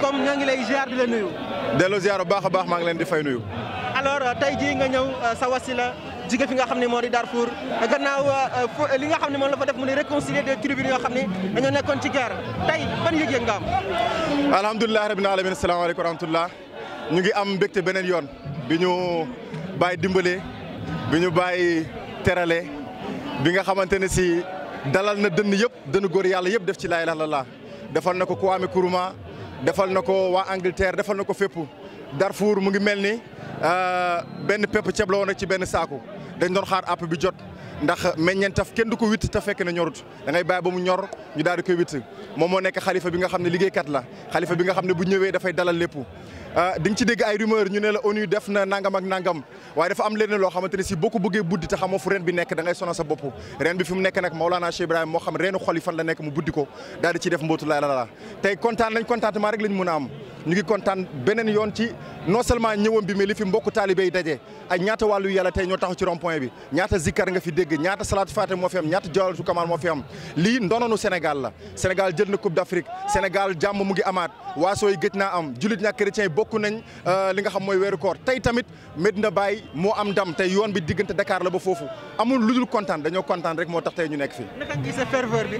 comme ñaa ngi lay ger di la nuyu. delloo ziar bu baax a baax maa ngi leen di fay nuyu. alors euh, tey jii nga ñëw euh, sa wasila jige fi nga xam ne moo di Darfour gannaaw euh, li nga xam ne moom la fa def mu di réconcilier des tribus yoo xam ne dañoo nekkoon ci guerre tey ban yëg-yëg nga am. alhamdulilah rabbil alamin salaamaaleykum wa rahmatullah ñu ngi am mbégte beneen yoon bi ñu bàyyi dimbale bi ñu bàyyi terale bi nga xamante ne si dalal na dënn yëpp dënn góor yàlla yëpp def ci laa ilaaha defal na ko waa Angleterre defal na ko fépp Darfour mu ngi mel ni euh, benn pepp ceeb la woon rek ci benn saaku dañ doon xaar àpp bi jot ndax meññeentaf kenn du ko witt te fekk na ñorut da ngay bàyyi ba mu ñor ñu daal di koy witt moom moo nekk xalifa bi nga xam ne liggéeykat la xalifa bi nga xam ne bu ñëwee dafay dalal lépp. Ah, di nga ci dégg ay rumeur ñu ne la ONU def na nangam ak nangam waaye dafa am leneen loo xamante ne si boo ko bëggee buddi te xamoo fu ren bi nekk da sono sa bopp ren bi fi mu nekk nag Maolana Cheikh Ibrahima moo xam reenu xol yi fan la nekk mu buddi ko daal di ciy def mbootu la la tey kontaan lañ contentement rek lañ am ñu ngi kontaan beneen yoon ci non seulement ñëwam bi mais li fi mbokku taalibe yi ay ñaata wàllu yàlla tey ñoo taxaw ci rond point bi ñaata zikkar nga fi dégg na coupe d'Afrique Sénégal jàmm ngi amaat waasoo yi ku nañ euh, li nga xam mooy weeru koor tey tamit na Baye moo am ndam tey yoon bi diggante dakaar la ba foofu amul lu dul kontaan dañoo kontaan rek moo tax tey ñu nekk fi naka bi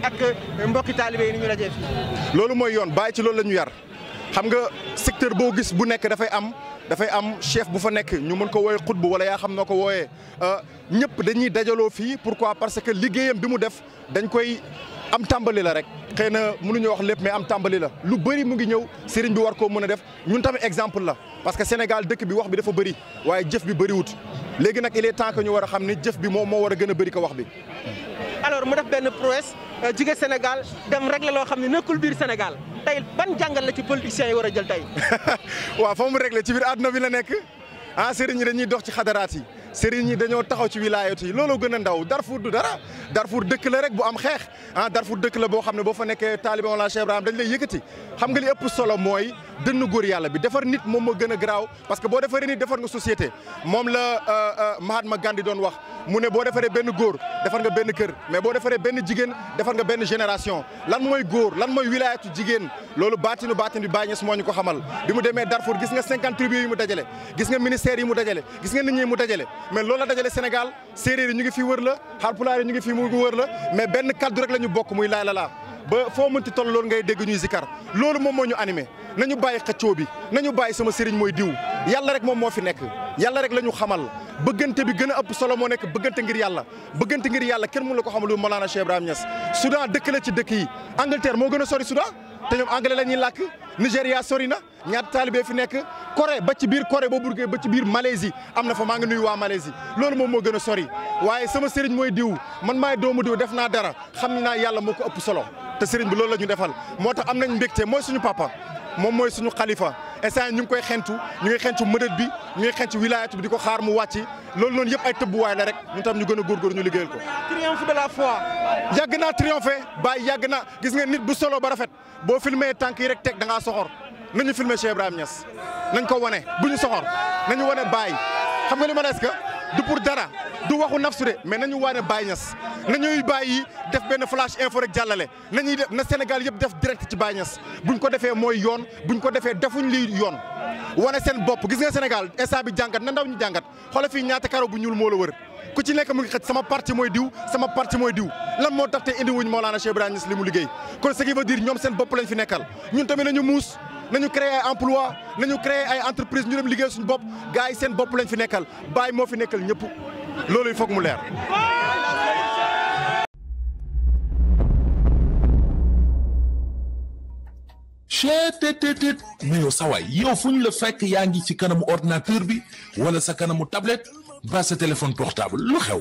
ak euh, mbokki taalibe yi ni ñu lajee fii. loolu mooy yoon Baye ci loolu la ñu yar xam nga secteur boo gis bu nekk dafay am dafay am chef bu fa nekk ñu mën ko wooyee xutbu wala yaa xam noo ko wooyee euh, ñëpp dañuy dajaloo fii pourquoi parce que liggéeyam bi mu def dañ koy am tàmbali la rek xëy na mënuñu wax lépp mais am tàmbali la lu bëri mu ngi ñëw sëriñ bi war koo mën a def ñun tamit exemple la parce que Sénégal dëkk bi wax bi dafa bëri waaye jëf bi bëriwut léegi nag il est temps que ñu war a xam ne jëf bi moom moo war a gën a bëri ko wax bi. alors mu def benn prouesse euh, jigéen Sénégal dem rek la loo xam ne nekkul biir Sénégal. tey ban jàngal la ci politiciens yi war a jël tey. waaw fa mu ci biir àdduna bi la nekk ah sëriñ ñi dañuy dox ci xadaraat yi. sëriñ yi dañoo taxaw ci wilaayatu yi looloo gën ndaw Darfour du dara Darfour dëkk la rek bu am xeex ah dëkk la boo xam ne boo fa nekkee taalibe Mawlana Cheikh Ibrahim dañ lay yëkkati xam nga li ëpp solo mooy dënn góor yàlla bi defar nit moom moo gën a garaaw parce que boo defaree nit defar nga société moom la euh, euh, ma Gandhi doon wax mu ne boo defaree benn góor defar nga benn kër mais boo defaree benn jigéen defar nga benn génération lan mooy góor lan mooy wilaayatu jigéen loolu baatinu baatin bi Baay Ñas moo ñu ko xamal bi mu demee Darfour gis nga cinquante tribus mu dajale gis nga ministères yi mu dajale gis nga nit ñi mu dajale mais loolu la dajale Sénégal séeréer yi ñu ngi fi wër la xaalpulaar yi ñu ngi fi mu wër la mais benn kaddu rek la ñu bokk muy laay la laa ba foo mënti toll loolu ngay dégg ñuy zikar loolu moom moo ñu animé nañu bàyyi xëccoo bi nañu bàyyi sama sëriñ mooy diw yàlla rek moom moo fi nekk yàlla rek la ñu xamal bëggante bi gën a ëpp solo moo nekk bëggante ngir yàlla bëggante ngir yàlla kenn mënu la ko xamal lu Mawlana Cheikh Ibrahim Niass Soudan dëkk la ci dëkk yi Angleterre moo gën a sori Soudan te ñoom anglais la ñuy làkk Nigéria sori na ñaata taalibe fi nekk Corée ba ci biir Corée boo burgee ba ci biir Malaisie am na fa maa ngi nuyu waa Malaisie loolu moom moo gën a sori waaye sama sëriñ mooy diw man maay doomu diw def naa dara xam naa yàlla moo ko ëpp solo te sëriñ bi loolu la ñu defal moo tax am nañ mbégte mooy suñu papa moom mooy suñu xalifa instant ñu ngi koy xentu ñu ngi xentu mëdët bi ñu ngi xentu wilaayatu bi di ko xaar mu wàcci loolu noonu yëpp ay tëbbuwaay la rek ñu tam ñu gën a góorgóor ñu liggéeyal ko triomphe de la foi yàgg naa triomphé bàyyi yàgg na gis nga nit bu solo ba rafet boo filmé tànk yi rek teg da ngaa soxor nañu filmé Cheikh Ibrahima Niass nañ ko wane bu ñu soxor nañu wane bàyyi xam nga li ma ne est du pour dara du waxu nafsu de mais nañu waane Baye Niass nañuy bàyyi def benn flash info rek jàllale nañuy def na Sénégal yëpp def direct ci Baye Niass buñ ko defee mooy yoon buñ ko defee defuñ lii yoon. wane seen bopp gis nga Sénégal instant bi jàngat na ndaw ñu jàngat xoolal fii ñaata karo bu ñuul moo la wër ku ci nekk mu ngi xëj sama parti mooy diw sama parti mooy diw lan moo tax te indi wuñ Mawlana Cheikh Ibrahima li mu liggéey kon ce qui veut dire ñoom seen bopp lañ fi tamit nañu muus. nañu créer ay emploi nañu créer ay entreprise ñu dem liggéey suñ bopp gars yi seen bopp lañ fi nekkal baay moo fi nekkal ñëpp loolu il faut mu leer. chetttt mais yow sawaay yow fu ñu la fekk yaa ngi ci kanamu ordinateur bi wala sa kanamu tablet ba sa téléphone portable lu xew